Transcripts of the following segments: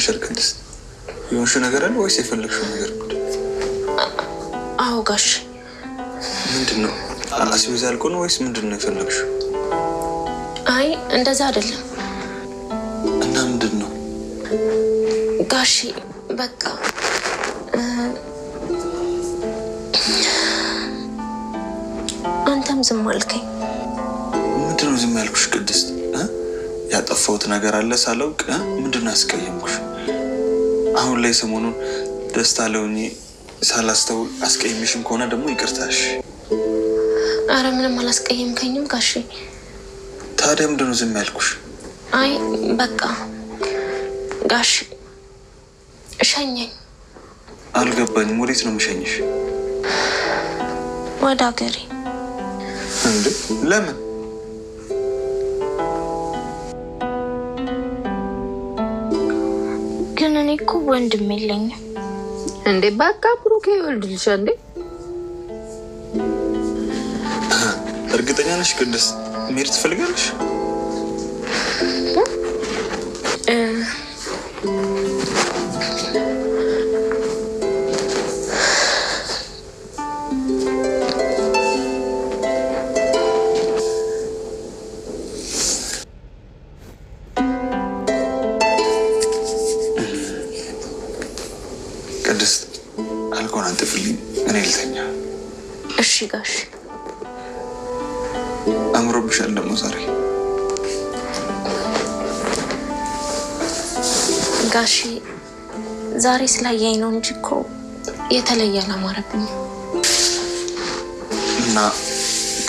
ይሆንሻል ቅድስት? የሆንሽው ነገር አለ ወይስ የፈለግሽው ነገር? አዎ ጋሽ። ምንድን ነው አስቤዛ ያልቆን ወይስ ምንድን ነው የፈለግሽው? አይ እንደዛ አይደለም። እና ምንድን ነው ጋሺ? በቃ አንተም ዝም አልከኝ። ምንድን ነው ዝም ያልኩሽ ቅድስት? ያጠፋሁት ነገር አለ ሳላውቅ? ምንድን ነው ያስቀየምኩሽ? አሁን ላይ ሰሞኑን ደስታ ለውኝ ሳላስተውል አስቀይምሽም ከሆነ ደግሞ ይቅርታሽ። አረ ምንም አላስቀየምከኝም ጋሽ። ታዲያ ምንድን ነው ዝም ያልኩሽ? አይ በቃ ጋሽ እሸኘኝ። አልገባኝም። ወዴት ነው የምሸኝሽ? ወደ ሀገሬ። እንዴ ለምን? ወንድም የለኝም እንዴ? በቃ ብሩኬ ልሽ እንዴ? እርግጠኛ ነሽ? ግን ደስ መሄድ ትፈልጋለሽ? ጋሽ አምሮብሻል ደግሞ ዛሬ ጋሺ ዛሬ ስላየኝ ነው እንጂ እኮ የተለየ አላማረብኝ። እና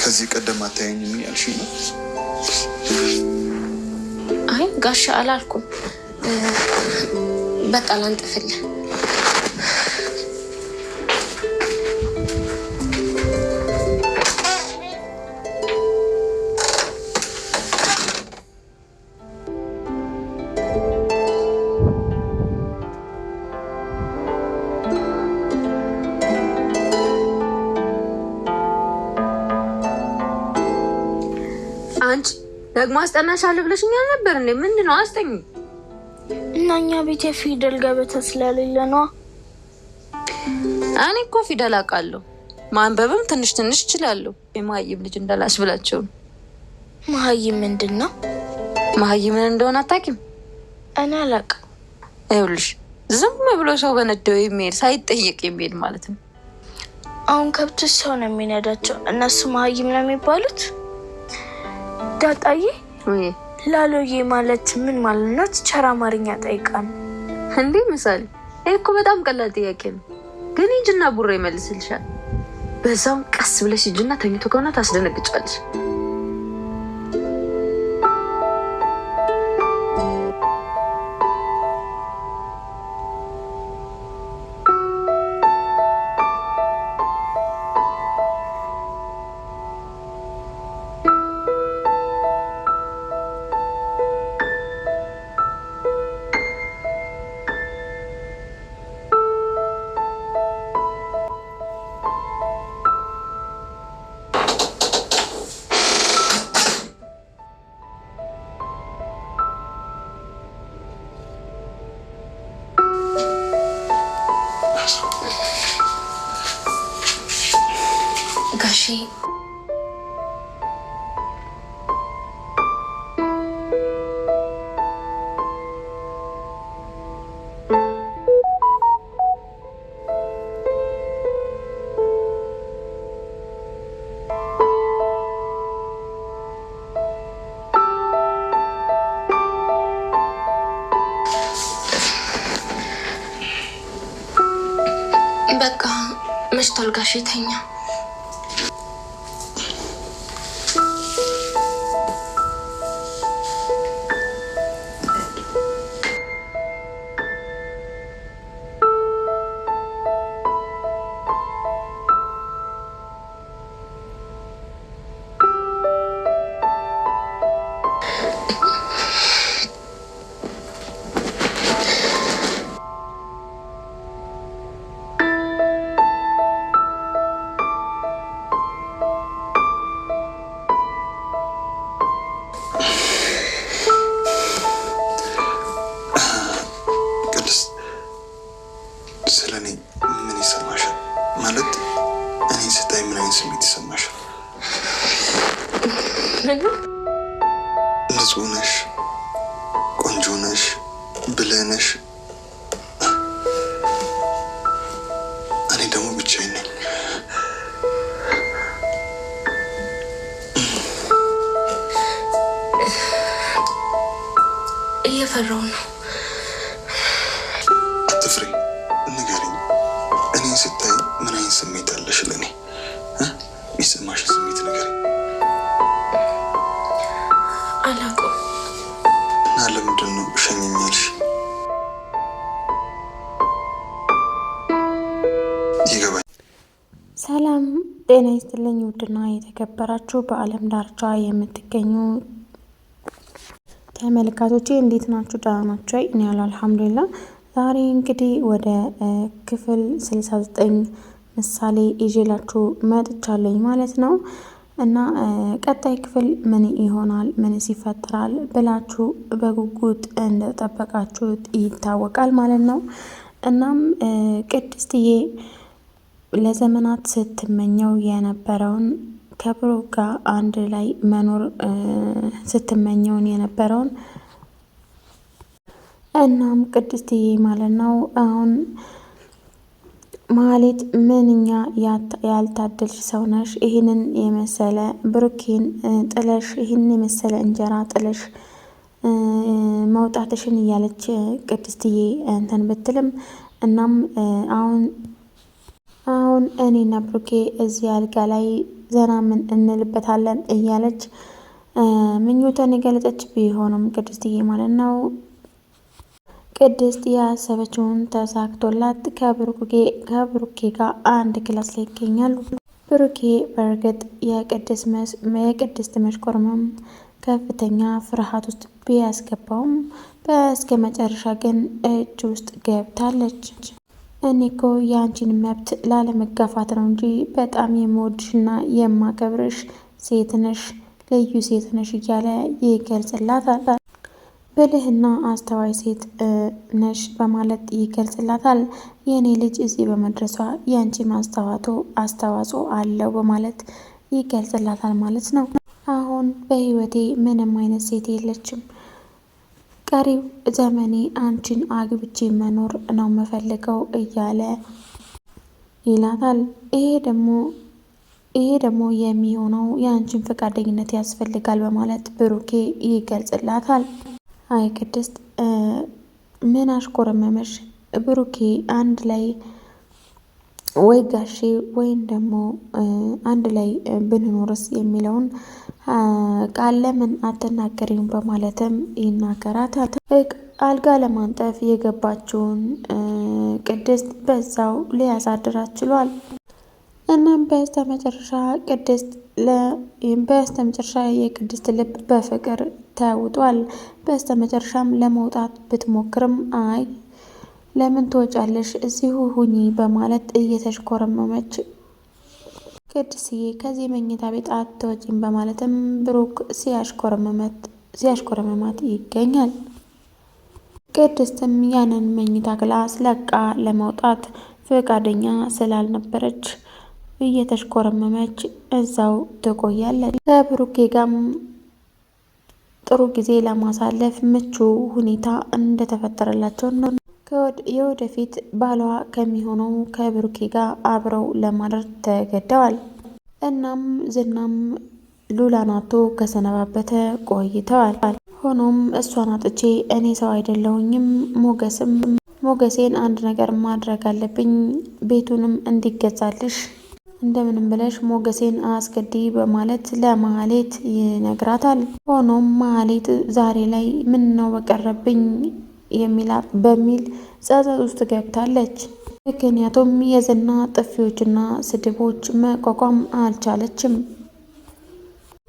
ከዚህ ቀደም አታየኝም ያልሽኝ ነው? አይ ጋሽ አላልኩም። በቃ ላንጥፍልህ ደግሞ አስጠናሻለሁ ብለሽኛል ነበር እንዴ? ምንድን ነው አስጠኝ እና እኛ ቤት የፊደል ገበታ ስለሌለ ነዋ። እኔ እኮ ፊደል አውቃለሁ፣ ማንበብም ትንሽ ትንሽ እችላለሁ። የመሀይም ልጅ እንዳላሽ ብላቸው ነው። መሀይም ምንድን ነው? መሀይምን እንደሆነ አታውቂም? እኔ አላውቅም። ይኸውልሽ ዝም ብሎ ሰው በነደው የሚሄድ ሳይጠየቅ የሚሄድ ማለት ነው። አሁን ከብቶች ሰው ነው የሚነዳቸው። እነሱ መሀይም ነው የሚባሉት? ዳጣዬ ላሎዬ ማለት ምን ማለት ናት? ቸር አማርኛ ጠይቃን እንዴ ምሳሌ። ይህ እኮ በጣም ቀላል ጥያቄ ነው፣ ግን ሂጂና ቡራ ይመልስልሻል። በዛውም ቀስ ብለሽ ሂጂና ተኝቶ ከሆነ ታስደነግጫለሽ። እሺ በቃ መሽቷል ጋሽ ተኛ ላይ ምን አይነት ስሜት ይሰማሻል? ንጹህ ነሽ፣ ቆንጆ ነሽ፣ ብለህ ነሽ። እኔ ደግሞ ብቻዬን ነኝ። እየፈራሁ ነው። ሰላም ጤና ይስጥልኝ። ውድና የተከበራችሁ በዓለም ዳርቻ የምትገኙ ተመልካቾቼ እንዴት ናችሁ? ደህና ናችሁ? እኔ ያለ አልሐምዱሊላ። ዛሬ እንግዲህ ወደ ክፍል 69 ምሳሌ ይዤላችሁ መጥቻለኝ ማለት ነው እና ቀጣይ ክፍል ምን ይሆናል፣ ምንስ ይፈጠራል ብላችሁ በጉጉት እንደጠበቃችሁት ይታወቃል ማለት ነው። እናም ቅድስትዬ ለዘመናት ስትመኘው የነበረውን ከብሩክ ጋር አንድ ላይ መኖር ስትመኘውን የነበረውን እናም ቅድስትዬ ማለት ነው አሁን ማሌት ምንኛ ያልታደልሽ ሰው ነሽ! ይህንን የመሰለ ብሩኬን ጥለሽ ይህንን የመሰለ እንጀራ ጥለሽ መውጣትሽን እያለች ቅድስትዬ እንትን ብትልም እናም አሁን አሁን እኔና ብሩኬ እዚህ አልጋ ላይ ዘና ምን እንልበታለን እያለች ምኞተን የገለጸች ቢሆንም ቅድስትዬ ማለት ነው። ቅድስት ያሰበችውን ተሳክቶላት ከብሩኬ ጋር አንድ ክላስ ላይ ይገኛሉ። ብሩኬ በእርግጥ የቅድስት መሽኮርመም ከፍተኛ ፍርሃት ውስጥ ቢያስገባውም በስከ መጨረሻ ግን እጅ ውስጥ ገብታለች። እኔኮ የአንቺን መብት ላለመጋፋት ነው እንጂ በጣም የምወድሽና የማከብርሽ ሴት ነሽ፣ ልዩ ሴት ነሽ እያለ ይገልጽላታል። ብልህና አስተዋይ ሴት ነሽ በማለት ይገልጽላታል። የእኔ ልጅ እዚህ በመድረሷ የአንቺ ማስተዋቶ አስተዋጽኦ አለው በማለት ይገልጽላታል ማለት ነው። አሁን በህይወቴ ምንም አይነት ሴት የለችም ቀሪው ዘመኔ አንቺን አግብቼ መኖር ነው የምፈልገው እያለ ይላታል። ይሄ ደግሞ ይሄ ደግሞ የሚሆነው የአንቺን ፈቃደኝነት ያስፈልጋል በማለት ብሩኬ ይገልጽላታል። አይ ቅድስት ምን አሽኮረመመሽ? ብሩኬ አንድ ላይ ወይ ጋሼ ወይም ደግሞ አንድ ላይ ብንኖርስ የሚለውን ቃል ለምን አትናገሪም በማለትም ይናገራታል። አልጋ ለማንጠፍ የገባችውን ቅድስት በዛው ሊያሳድራት ችሏል። እናም በስተ መጨረሻ ቅድስት በስተ መጨረሻ የቅድስት ልብ በፍቅር ተውጧል። በስተ መጨረሻም ለመውጣት ብትሞክርም አይ ለምን ትወጫለሽ? እዚሁ ሁኚ በማለት እየተሽኮረመመች ቅድስዬ ከዚህ መኝታ ቤት አትወጪም በማለትም ብሩክ ሲያሽኮረመማት ይገኛል። ቅድስትም ያንን መኝታ ክላስ ለቃ ለመውጣት ፈቃደኛ ስላልነበረች እየተሽኮረመመች እዛው ትቆያለች። ከብሩኬ ጋም ጥሩ ጊዜ ለማሳለፍ ምቹ ሁኔታ እንደተፈጠረላቸው ነው። የወደፊት ባሏ ከሚሆነው ከብሩኬ ጋር አብረው ለማድረግ ተገደዋል። እናም ዝናም ሉላን አቶ ከሰነባበተ ቆይተዋል። ሆኖም እሷን አጥቼ እኔ ሰው አይደለሁኝም። ሞገስም ሞገሴን አንድ ነገር ማድረግ አለብኝ፣ ቤቱንም እንዲገዛልሽ እንደምንም ብለሽ ሞገሴን አስገዲ በማለት ለመሀሌት ይነግራታል። ሆኖም መሀሌት ዛሬ ላይ ምን ነው በቀረብኝ የሚላት በሚል ጸጸት ውስጥ ገብታለች። ምክንያቱም የዝና ጥፊዎችና ስድቦች መቋቋም አልቻለችም።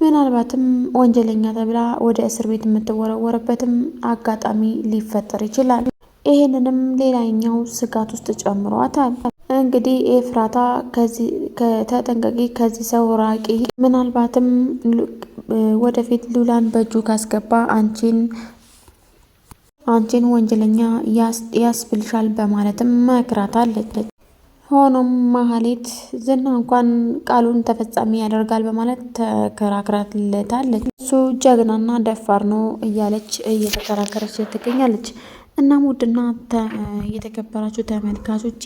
ምናልባትም ወንጀለኛ ተብላ ወደ እስር ቤት የምትወረወርበትም አጋጣሚ ሊፈጠር ይችላል። ይህንንም ሌላኛው ስጋት ውስጥ ጨምሯታል። እንግዲህ ኤፍራታ ከተጠንቀቂ፣ ከዚህ ሰው ራቂ፣ ምናልባትም ወደፊት ሉላን በእጁ ካስገባ አንቺን አንቺን ወንጀለኛ ያስብልሻል በማለትም መክራታለች። ሆኖም ማህሌት ዝና እንኳን ቃሉን ተፈጻሚ ያደርጋል በማለት ተከራክራለታለች። እሱ ጀግናና ደፋር ነው እያለች እየተከራከረች ትገኛለች። እናም ውድና የተከበራችሁ ተመልካቾቼ